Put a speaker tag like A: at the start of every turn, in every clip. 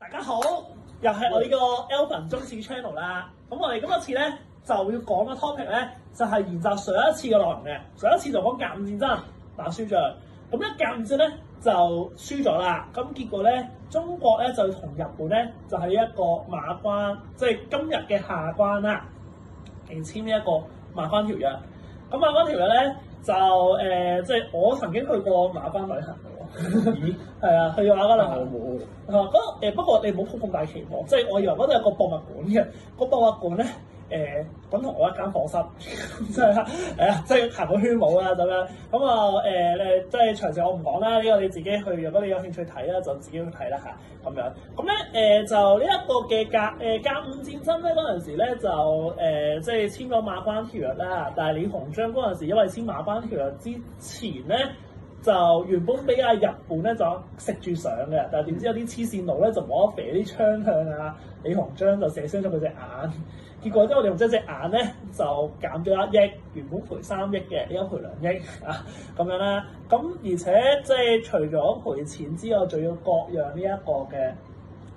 A: 大家好，又係我呢個 Alvin 中史 channel 啦。咁我哋今一次咧，就
B: 要講嘅 topic 咧，就係延續上一次嘅內容嘅。上一次就講甲午戰爭打輸咗，咁一甲午戰咧，就輸咗啦。咁結果咧，中國咧，就同日本咧，就係一個馬關，即係今日嘅下關啦，而簽呢一個馬關條約。咁馬關條約咧，就誒，即係我曾經去過馬關旅行。咦，係啊， 去下㗎啦。我、那、冇、個。啊、呃，不過你唔好抱咁大期望，即、就、係、是、我以為嗰度有個博物館嘅。那個博物館咧，誒、呃，等同我一間課室、 就是啊就是啊啊呃，即係啦，誒，即係行個圈舞啦咁樣。咁啊誒誒，即係詳細我唔講啦，呢個你自己去，如果你有興趣睇啦，就自己去睇啦嚇，咁、啊、樣。咁咧誒，就呢一個嘅甲誒甲午戰爭咧，嗰陣時咧就誒即係簽咗馬關條約啦。但係李鴻章嗰陣時，因為簽馬關條約之前咧。就原本俾阿日本咧就食住上嘅，但點知有啲黐線佬咧就攞肥啲槍向啊李鴻章就射傷咗佢隻眼，結果咧我哋用咗隻眼咧就減咗一億，原本賠三億嘅，依家賠兩億啊咁樣啦。咁而且即係除咗賠錢之外，仲要割讓呢一個嘅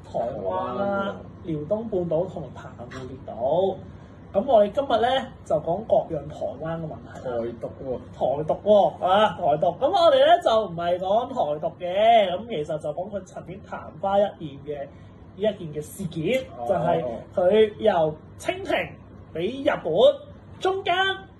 B: 台灣啦、遼東半島同澎湖列島。咁我哋今日咧就講各樣台灣嘅問題。台獨喎、哦。台獨喎、哦，啊，台獨。咁我哋咧就唔係講台獨嘅，咁其實就講佢曾經曇花一現嘅呢一件嘅事件，哦、就係佢由清廷俾日本中間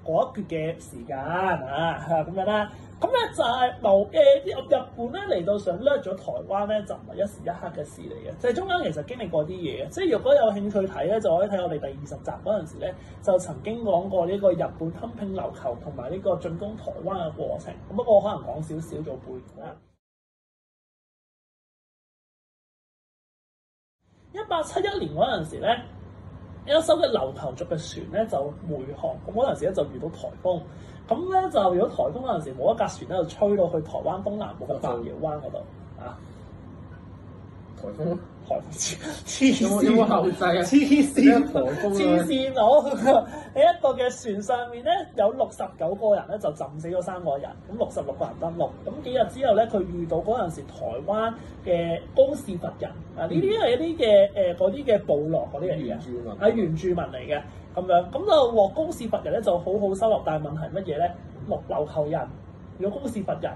B: 嗰一橛嘅時間，啊，咁樣啦。咁咧就係冇誒，日本咧嚟到想掠咗台灣咧，就唔係一時一刻嘅事嚟嘅，就係中間其實經歷過啲嘢，即係如果有興趣睇咧，就可以睇我哋第二十集嗰陣時咧，就曾
A: 經講過呢個日本吞併琉球同埋呢個進攻台灣嘅過程。咁不過我可能講少少做背啦。一八七一年嗰陣時咧。一艘嘅琉球族嘅船咧就
B: 回航，咁嗰陣時咧就遇到颱風，咁咧就遇到颱風嗰陣時，冇一架船咧就吹到去台灣東南部嘅八瑤灣嗰度錯啊。台中，台中黐線，黐線，黐線佬，你 一個嘅船上面咧有六十九個人咧就浸死咗三個人，咁六十六個人登陸，咁幾日之後咧佢遇到嗰陣時台灣嘅公事佛人，啊呢啲係一啲嘅誒啲嘅部落嗰啲人啊，係原住民嚟嘅，咁樣咁就獲公事佛人咧就好好收落，但係問題係乜嘢咧？六流求人，如果公事佛人。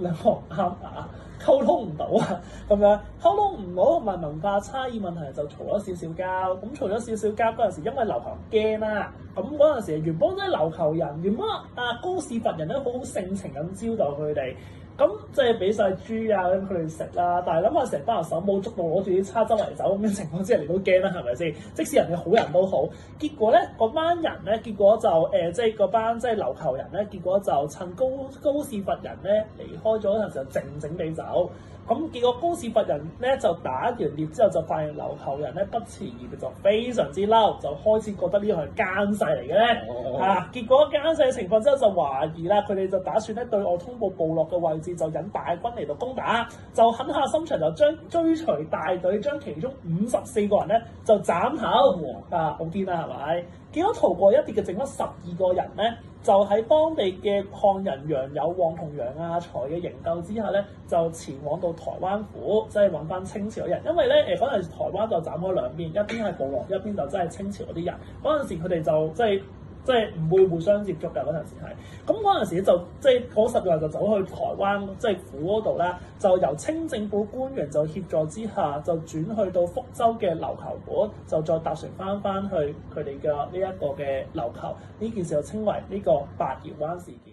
B: 兩方唔啱啊，溝通唔到啊，咁 樣溝通唔好，同埋文化差異問題就嘈咗少少交，咁嘈咗少少交嗰陣時，因為琉球驚啦，咁嗰陣時原本咧琉球人原本啊高士佛人咧好好性情咁招待佢哋。咁、嗯、即係俾晒豬啊，咁佢哋食啦。但係諗下成班人手冇捉到，攞住啲叉周圍走咁嘅情況之下，你都驚啦，係咪先？即使人哋好人都好，結果咧嗰班人咧，結果就誒、呃，即係嗰班即係琉球人咧，結果就趁高高士佛人咧離開咗嗰陣時候靜靜地走。咁、嗯、結果高士佛人咧就打完獵之後就發現琉球人咧不辭而別，就非常之嬲，就開始覺得呢個係奸細嚟嘅咧。哦哦、啊，結果奸細嘅情況之後就懷疑啦，佢哋就打算咧對我通報部落嘅位置。就引大軍嚟到攻打，就狠下心腸就將追隨大隊，將其中五十四個人咧就斬頭，啊，好啲啦，係咪？見到逃過一劫嘅剩咗十二個人咧，就喺當地嘅漢人楊有旺同楊阿才嘅營救之下咧，就前往到台灣府，即係揾翻清朝人，因為咧誒嗰陣時台灣就斬咗兩邊，一邊係部落，一邊就真係清朝嗰啲人。嗰陣時佢哋就即係。即係唔會互相接觸嘅嗰陣時係，咁嗰陣時就即係嗰十人就走去台灣，即係府嗰度啦，就由清政府官員就協助之下，就轉去到福州嘅琉球館，就再搭船翻翻去佢哋嘅呢一個嘅琉
A: 球，呢件事就稱為呢個八瑤灣事件。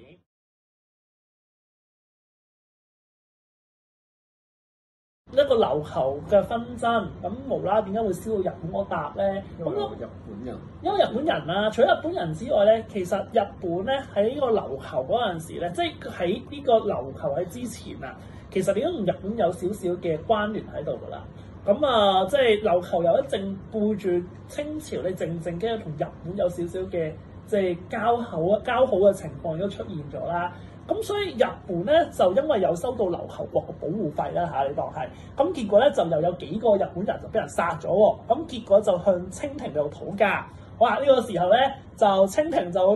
A: 一個琉球嘅紛爭，咁無啦點解會燒到日本嗰搭咧？咁啊，日本人，因為日本人啦、啊，除咗日本
B: 人之外咧，其實日本咧喺呢個琉球嗰陣時咧，即係喺呢個琉球喺之前啊，其實已經同日本有少少嘅關聯喺度㗎啦。咁啊，即係琉球又一正背住清朝，你靜靜哋同日本有少少嘅即係交口啊交好嘅情況都出現咗啦。咁所以日本咧就因為有收到琉球國嘅保護費啦嚇、啊，你當係咁，結果咧就又有幾個日本人就俾人殺咗喎，咁結果就向清廷度討價。哇！呢、這個時候咧就清廷就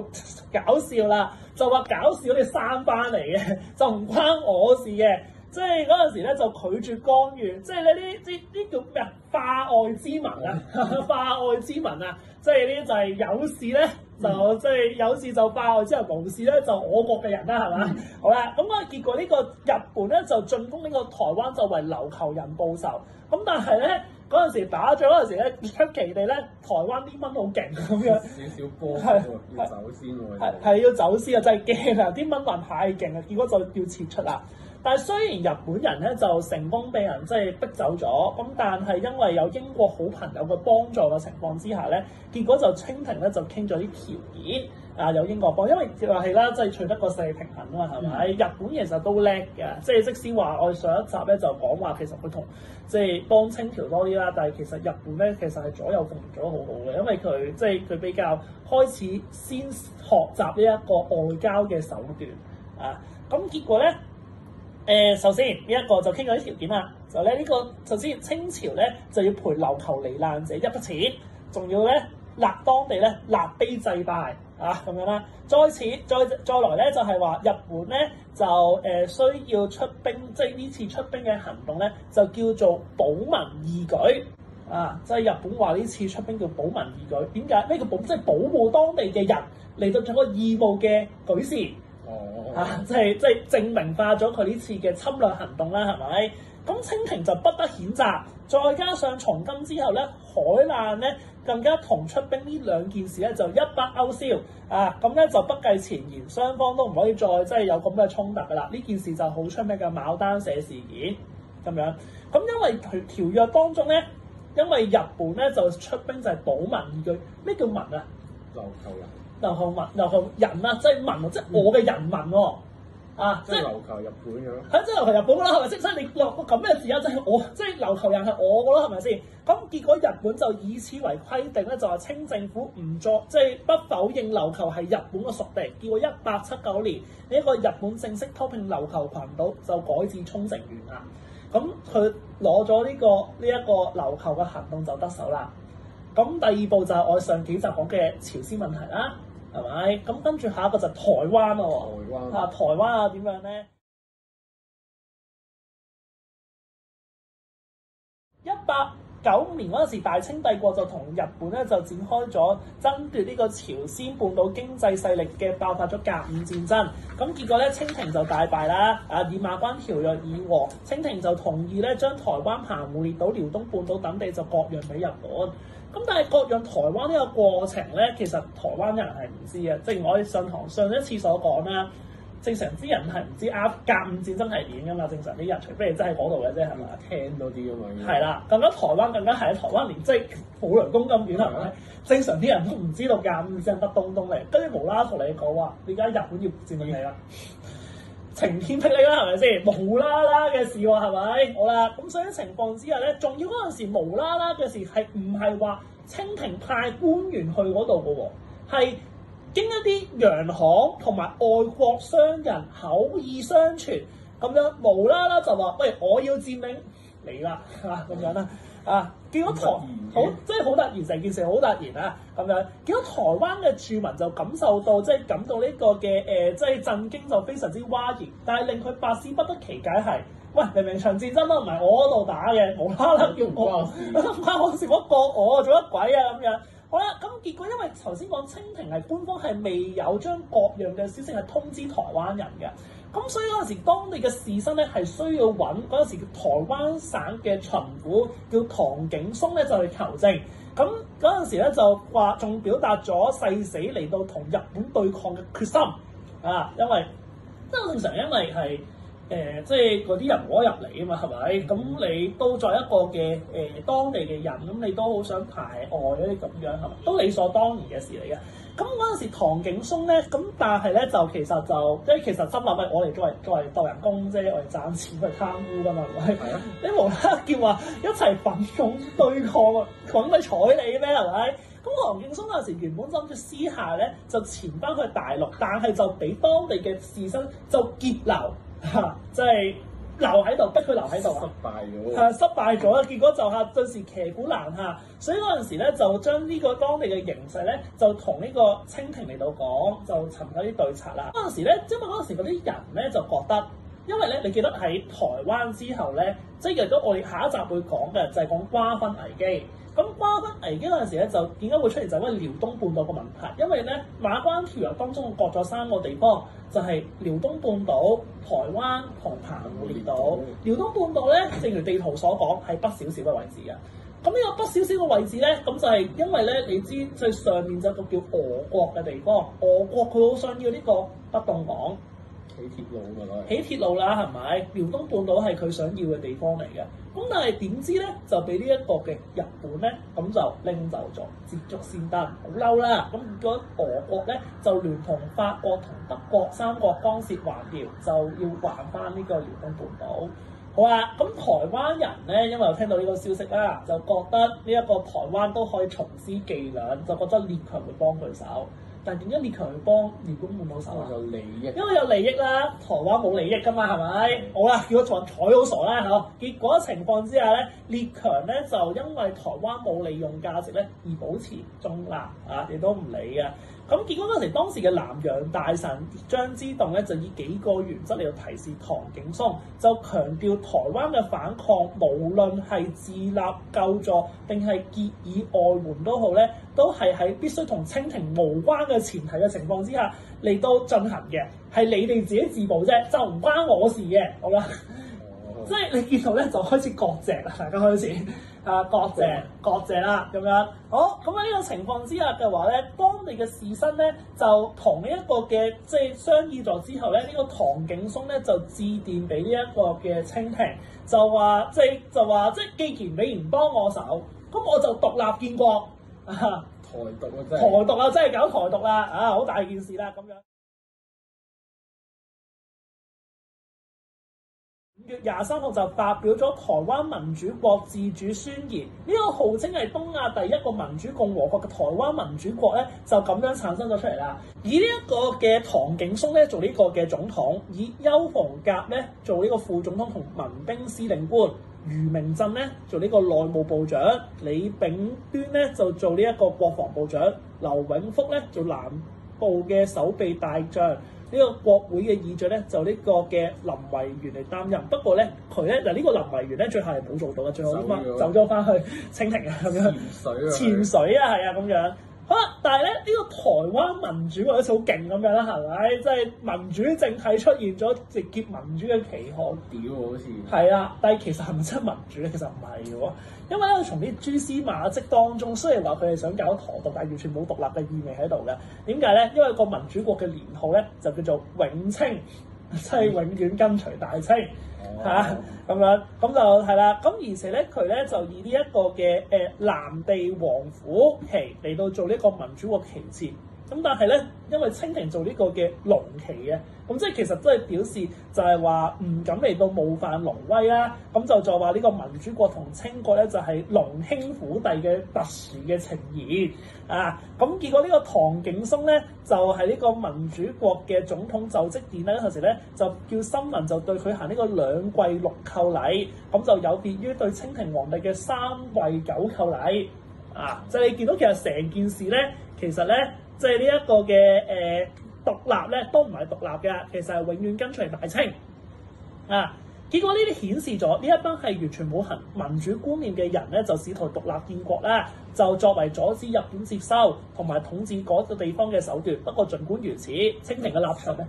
B: 搞笑啦，就話搞笑你三班嚟嘅，就唔關我的事嘅。即係嗰陣時咧就拒絕干預，即係你呢啲呢叫咩啊？化外之民啊，化外之民啊！即係呢就係有事咧，就即係有事就爆，之後無事咧就我國嘅人啦，係嘛？好啦，咁啊結果呢個日本咧就進攻呢個台灣，就為琉球人報仇。咁但係咧嗰陣時打仗嗰陣時咧出奇地咧，台灣啲蚊好勁咁樣。少少波㗎要走先喎。係係要走先啊！真係驚啊！啲蚊還太勁啦，結果就要撤出啦。但係雖然日本人咧就成功被人即係、就是、逼走咗咁，但係因為有英國好朋友嘅幫助嘅情況之下咧，結果就清廷咧就傾咗啲條件啊。有英國幫，因為話係啦，即係取得個勢平衡啊嘛，係咪？嗯、日本其實都叻嘅，即、就、係、是、即使話我上一集咧就講話其實佢同即係幫清廷多啲啦，但係其實日本咧其實係左右逢源好好嘅，因為佢即係佢比較開始先學習呢一個外交嘅手段啊。咁、嗯、結果咧？誒首先呢一、這個就傾咗啲條件啦，就咧呢、這個首先清朝咧就要賠琉球罹難者一筆錢，仲要咧立當地咧立碑祭拜啊咁樣啦。再次再再來咧就係、是、話日本咧就誒、呃、需要出兵，即係呢次出兵嘅行動咧就叫做保民義舉啊，就係、是、日本話呢次出兵叫保民義舉，點解咩叫保？即係保護當地嘅人嚟到做個義務嘅舉事。哦，哦，哦，嚇， 即係即係證明化咗佢呢次嘅侵略行動啦，係咪？咁清廷就不得譴責，再加上從今之後咧，海難咧更加同出兵呢兩件事咧就一筆勾銷啊！咁咧就不計前嫌，雙方都唔可以再即係有咁嘅衝突噶啦。呢件事就好出名嘅牡丹社事件咁樣。咁因為條約當中咧，因為日本咧就出兵就係保民，句咩叫民啊？琉球琉球民、琉球人啊，即係文，即係我嘅人民喎，是是啊，即係琉球日本嘅咯，係即係琉球日本嘅啦，係咪即係你落個咁嘅字眼，即係我，即係琉球人係我嘅啦，係咪先？咁、嗯、結果日本就以此為規定咧，就係、是、清政府唔作，即係不否認琉球係日本嘅屬地。結果，一八七九年，呢、這個日本正式吞併琉球群島，就改置沖繩縣啦。咁佢攞咗呢個呢一、這個琉球嘅行動就得手啦。咁、嗯、第二步就係我上幾集講嘅朝鮮問題啦、啊。
A: 係咪？咁跟住下一個就台灣咯喎，台灣啊，台灣啊點樣呢？一八九五年嗰陣時，大清帝國就同日本咧就展開咗爭奪呢個朝鮮
B: 半島經濟勢力嘅爆發咗甲午戰爭。咁結果咧，清廷就大敗啦，啊，以《馬關條約》以和，清廷就同意咧將台灣、澎湖列島、遼東半島等地就割讓俾日本。咁但係割讓台灣呢個過程咧，其實台灣人係唔知嘅。正如我哋上堂上一次所講啦，正常啲人係唔知啊，甲午戰爭係點噶嘛。正常啲人除非你真係嗰度嘅啫，係嘛聽多啲咁樣。係啦，咁加台灣更加係台灣連即係普雷公咁遠典型咧，正常啲人都唔知道甲午戰爭乜東東嚟，跟住無啦啦同你講話，而家日本要佔據你啦。晴天霹靂啦，係咪先？無啦啦嘅事喎，係咪？好啦，咁所以情況之下咧，仲要嗰陣時無啦啦嘅事係唔係話清廷派官員去嗰度嘅喎？係經一啲洋行同埋外國商人口耳相傳咁樣無啦啦就話：喂，我要佔領嚟啦嚇咁樣啦。 啊！結果台、嗯嗯、好即係好突然，成件事好突然啊咁樣。結果台灣嘅住民就感受到，即、就、係、是、感到呢個嘅誒，即、呃、係、就是、震驚，就非常之嘩然。但係令佢百思不得其解係，喂，明明場戰爭都唔係我嗰度打嘅，冇啦啦叫我媽我接 我割我做乜鬼啊咁樣。好啦，咁結果因為頭先講清廷係官方係未有將各樣嘅消息係通知台灣人嘅。咁所以嗰陣時，當地嘅士紳咧係需要揾嗰陣時台灣省嘅巡撫叫唐景崧咧就去、是、求證。咁嗰陣時咧就話仲表達咗誓死嚟到同日本對抗嘅決心。啊，因為即係正常，因為係誒，即係嗰啲人攞入嚟啊嘛，係咪？咁你都作為一個嘅誒、呃、當地嘅人，咁你都好想排外嗰啲咁樣，係咪？都理所當然嘅事嚟嘅。咁嗰陣時，唐景松咧，咁但係咧就其實就即係其實心諗係我哋作為作為代人公啫，我哋賺錢去貪污㗎嘛，係咪？ 你無啦啦叫話一齊反抗對抗，咁咪睬你咩？係咪？咁唐景松嗰陣時原本諗住私下咧就潛翻去大陸，但係就俾當地嘅事身就截留，嚇，即係。留喺度，逼佢留喺度啊！係失敗咗，結果就吓，陣時騎虎難下，所以嗰陣時咧就將呢個當地嘅形勢咧，就同呢個清廷嚟到講，就尋求啲對策啦。嗰陣時咧，因為嗰陣時嗰啲人咧就覺得。因為咧，你記得喺台灣之後咧，即係如果我哋下一集會講嘅就係、是、講瓜分危機。咁瓜分危機嗰陣時咧，就點解會出現就因為遼東半島個問題。因為咧，馬關條約當中割咗三個地方，就係、是、遼東半島、台灣同澎湖列島。遼東半島咧， 正如地圖所講，係北少少嘅位置嘅。咁呢個北少少嘅位置咧，咁就係因為咧，你知即最上面就個叫俄國嘅地方，俄國佢好想要呢個不凍港。起鐵路㗎喇，起鐵路啦，係咪？遼東半島係佢想要嘅地方嚟嘅，咁但係點知咧，就俾呢一個嘅日本咧，咁就拎走咗，接觸先得。好嬲啦，咁如果俄國咧就聯同法國同德國三國干涉還遼，就要還翻呢個遼東半島。好啊，咁台灣人咧，因為我聽到呢個消息啦，就覺得呢一個台灣都可以從師伎倆，就覺得列強會幫佢手。但點解列強會幫？如果冇收手就利益，因為有利益啦。台灣冇利益㗎嘛，係咪？好啦，結果台台好傻啦嗬。結果情況之下咧，列強咧就因為台灣冇利用價值咧，而保持中立啊，亦都唔理嘅。咁結果嗰陣時，當時嘅南洋大臣張之洞咧，就以幾個原則嚟到提示唐景崧，就強調台灣嘅反抗，無論係自立救助定係結以外援都好咧，都係喺必須同清廷無關嘅前提嘅情況之下嚟到進行嘅，係你哋自己自保啫，就唔關我事嘅，好啦，即係、哦、 你見到咧就開始割席啦，大家開始。啊，多謝，多謝啦，咁樣，好，咁喺呢個情況之下嘅話咧，當地嘅士紳咧就同呢一個嘅即係商議咗之後咧，呢、這個唐景崧咧就致電俾呢一個嘅清廷，就話即係就話即係既然你唔幫我手，
A: 咁我就獨立建國啊！ 台獨啊，真係台獨啊，真係搞台獨啦，啊，好大件事啦，咁樣。五月廿三號就發表咗台灣民主國自主宣言，呢、
B: 這個號稱係東亞第一個民主共和國嘅台灣民主國咧，就咁樣產生咗出嚟啦。以呢一個嘅唐景崧呢，咧做呢個嘅總統，以丘逢甲咧做呢個副總統同民兵司令官，俞明震咧做呢個內務部長，李炳端咧就做呢一個國防部長，劉永福咧做南部嘅守備大將。呢個國會嘅議長咧，就呢個嘅林維源嚟擔任。不過咧，佢咧嗱呢個林維源咧，最後係冇做到嘅，最後都翻走咗了翻去清廷咁、啊、樣。潛水啊！潛水啊！係啊！咁樣。好啦！但係咧，呢、這個台灣民主好似好勁咁樣啦，係咪？即、就、係、是、民主政體出現咗直接民主嘅旗號，屌好似。係啊，但係其實係咪真民主咧？其實唔係喎，因為咧從啲蛛絲馬跡當中，雖然話佢哋想搞台獨，但係完全冇獨立嘅意味喺度嘅。點解咧？因為個民主國嘅年號咧就叫做永清。即係 永遠跟隨大清嚇咁、 啊 啊、樣，咁就係啦。咁而且咧，佢咧就以呢一個嘅誒藍地黃虎旗嚟到做呢一個民主嘅旗幟。咁但係咧，因為清廷做呢個嘅龍旗啊，咁即係其實都係表示就係話唔敢嚟到冒犯龍威啦。咁就就話呢個民主國同清國咧，就係龍兄虎弟嘅特殊嘅情誼啊。咁結果呢個唐景松咧，就係、是、呢個民主國嘅總統就職典禮嗰陣時咧，就叫新聞就對佢行呢個兩跪六叩禮，咁就有別於對清廷皇帝嘅三跪九叩禮啊。就是、你見到其實成件事咧，其實咧。即係呢一個嘅誒、呃、獨立咧，都唔係獨立嘅，其實係永遠跟隨大清啊！結果呢啲顯示咗呢一班係完全冇民民主觀念嘅人咧，就試圖獨立建國啦，就作為阻止日本接收同埋統治嗰個地方嘅手段。不過儘管如此，清廷嘅立場咧，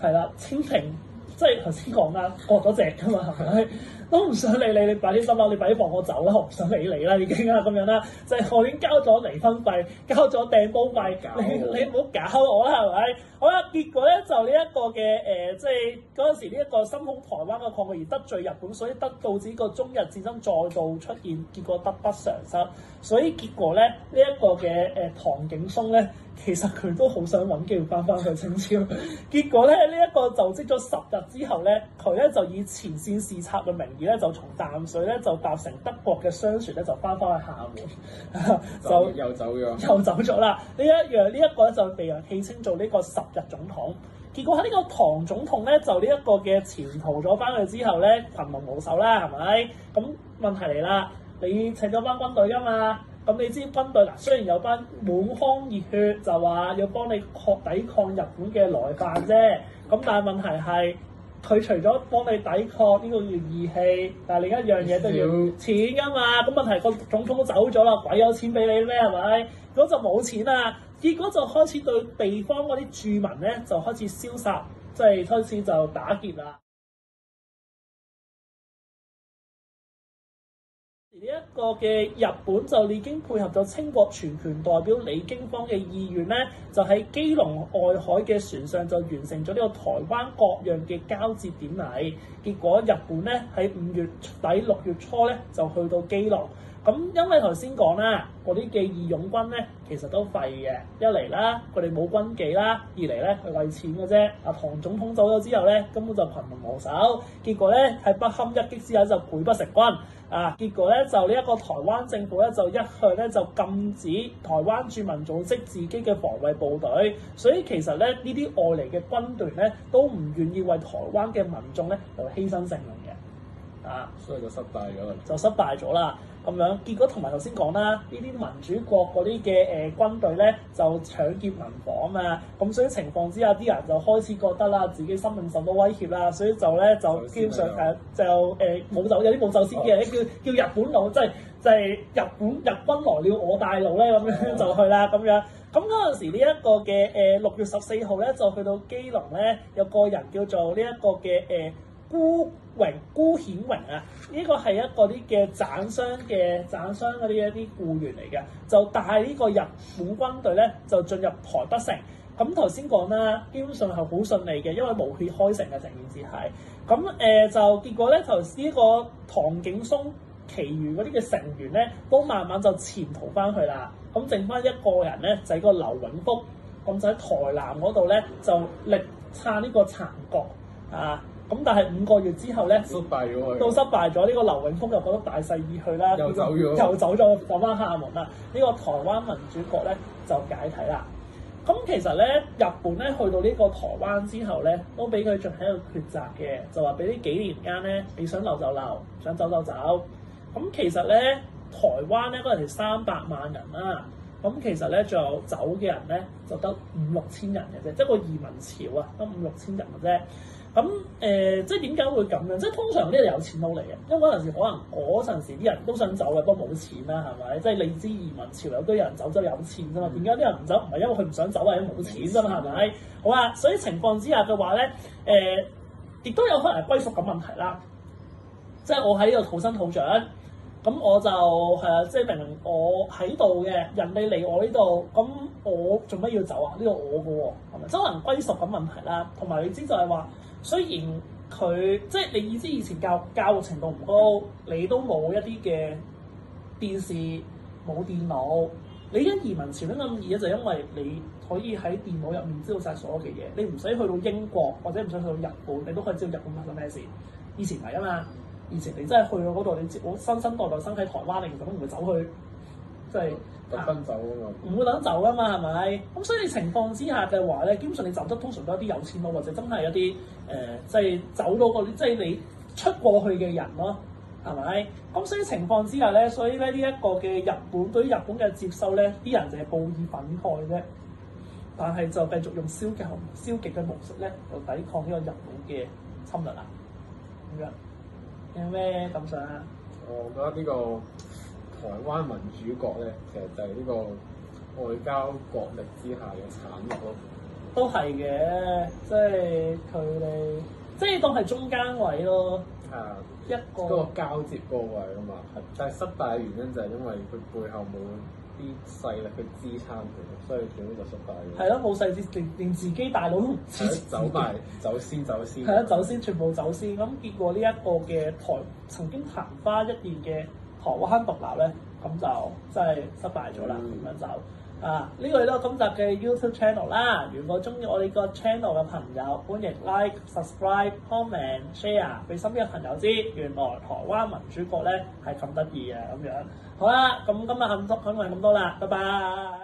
B: 係啦，清廷即係頭先講啦，割咗隻噶嘛係咪？ 都唔想理你，你擺啲心口，你擺啲房我走啦，我唔想理你啦，已經啦，咁樣啦，就係、是、我已經交咗離婚費，交咗掟煲費我，你你唔好搞我啦，係咪？好啦，結果咧就呢一個嘅誒，即係嗰陣時呢一個心痛台灣嘅抗議而得罪日本，所以導致呢個中日戰爭再度出現，結果得不償失，所以結果咧呢一、這個嘅誒、呃、唐景崧咧。其實佢都好想揾機會翻翻去清朝，結果咧呢一、這個就職咗十日之後咧，佢咧就以前線視察嘅名義咧，就從淡水咧就搭乘德國嘅商船咧就翻翻去廈門， 就又走咗，又走咗啦。呢一樣呢一個咧、這個、就被人戲稱做呢個十日總統。結果喺呢個唐總統咧就呢一個嘅潛逃咗翻去之後咧，羣龍無首啦，係咪？咁、嗯、問題嚟啦，你請咗班軍隊㗎嘛？咁你知軍隊嗱，雖然有班滿腔熱血，就話要幫你抗抵抗日本嘅來犯啫。咁但係問題係佢除咗幫你抵抗呢個叫義氣，但係另一樣嘢都要錢噶嘛。咁問題個總統都走咗啦，鬼有錢俾你咩？係咪？咁就冇錢啦。結果就開始對
A: 地方嗰啲住民咧，就開始消殺，即係開始就打劫啦。呢一個嘅日本就已經配合咗清國全權代表李經方嘅意願咧，就喺
B: 基隆外海嘅船上就完成咗呢個台灣各樣嘅交接典禮。結果日本咧，喺五月底六月初咧就去到基隆。咁因為頭先講啦，嗰啲義義勇軍咧，其實都廢嘅。一嚟啦，佢哋冇軍紀啦；二嚟咧，佢為錢嘅啫。阿唐總統走咗之後咧，根本就群龍無首。結果咧，係不堪一擊之下就潰不成軍。啊，結果咧，就呢一個台灣政府咧，就一去咧就禁止台灣住民組織自己嘅防衛部隊。所以其實咧，來呢啲外嚟嘅軍隊咧，都唔願意為台灣嘅民眾咧，就犧牲性命嘅。啊！所以就失敗咗啦，就失敗咗啦。咁 樣、嗯、結果同埋頭先講啦，呢啲民主國嗰啲嘅誒軍隊咧就搶劫民房啊，咁所以情況之下啲人就開始覺得啦，自己生命受到威脅啦，所以就咧就，就基本上誒就誒冇走，有啲冇走先嘅 叫叫日本佬，即係即係日本日軍來了我帶路咧咁樣就去啦咁樣。咁嗰陣時呢一個嘅誒六月十四號咧就去到基隆咧，有個人叫做呢一個嘅誒。呃辜榮、辜顯榮啊，呢、這個係一個啲嘅斬商嘅斬商嗰啲一啲僱員嚟嘅，就帶呢個日本軍隊咧就進入台北城。咁頭先講啦，基本上係好順利嘅，因為冇血開城嘅成件事係咁誒。就結果咧，頭先呢個唐景崧，其餘嗰啲嘅成員咧，都慢慢就潛逃翻去啦。咁、嗯、剩翻一個人咧，就係個劉永福咁、嗯，就喺台南嗰度咧就力撐呢個殘局啊！咁但係五個月之後咧，失敗咗。到失敗咗，呢個劉永福，又覺得大勢已去啦，又走咗。又走咗，走翻廈門啦。呢、這個台灣民主國咧就解體啦。咁、嗯、其實咧，日本咧去到呢個台灣之後咧，都俾佢進行一個抉擇嘅，就話俾呢幾年間咧，你想留就留，想走就走。咁、嗯、其實咧，台灣咧嗰陣時三百萬人啦、啊，咁、嗯、其實咧，仲有走嘅人咧就得五六千人嘅啫，即係個移民潮啊，得五六千人嘅啫。咁誒、呃，即係點解會咁樣？即係通常呢啲有錢佬嚟嘅，因為嗰陣時可能嗰陣時啲人都想走嘅，不過冇錢啦，係咪？即係你知移民潮流都有人走咗，有錢啫嘛。點解啲人唔走？唔係因為佢唔想走，或者冇錢啫嘛，係咪？好啊，所以情況之下嘅話咧，誒、呃、亦都有可能係歸屬感問題啦。即係我喺呢度土生土長，咁我就係啦、啊，即係明明我喺度嘅，人哋嚟我呢度，咁我做咩要走啊？呢度我嘅喎，係咪？即可能歸屬感問題啦，同埋你知就係話。雖然佢即係你意思，以前教育教育程度唔高，你都冇一啲嘅電視，冇電腦。你一移民前面咁易咧，就因為你可以喺電腦入面知道晒所有嘅嘢，你唔使去到英國或者唔使去到日本，你都可以知道日本發生咩事。以前唔係啊嘛，以前你真係去到嗰度，你接我新生代代身喺台灣，你都唔會唔會走去。即係唔會走啊嘛，唔、啊、會等走啊嘛，係咪？咁所以情況之下嘅話咧，基本上你走得通常都係啲有錢佬，或者真係一啲誒，即、呃、係、就是、走到嗰啲，即、就、係、是、你出過去嘅人咯、哦，係咪？咁所以情況之下咧，所以咧呢一、這個嘅日本對於日本嘅接收咧，啲人就係報以憤慨啫，但係就繼續用消極消極嘅模式咧，就抵抗呢個日本嘅侵略啊！咁樣有咩感想啊？我覺得呢、這個。台灣民主國咧，其實就係呢個外交國力之下嘅產物咯。都係嘅，即係佢哋即係當係中間位咯。係、啊、一個，個交接個位啊嘛，係，但係失敗嘅原因就係因為佢背後冇啲勢力去支撐佢，所以最終就失敗咗。係咯，冇勢力，連連自己大佬都 走埋走先，走先係咯，走先全部走先，咁結果呢一個嘅台曾經曇花一現嘅。台灣、哦、獨立咧，咁就真係失敗咗啦。咁樣就啊，呢個都係今集嘅 YouTube channel 啦。如果中意我哋個 channel 嘅朋友，歡迎 like、like, subscribe、comment、share 俾身邊嘅朋友知。原來台灣民主國咧係咁得意嘅咁樣。好啦，咁今日幸福講埋咁多啦，拜拜。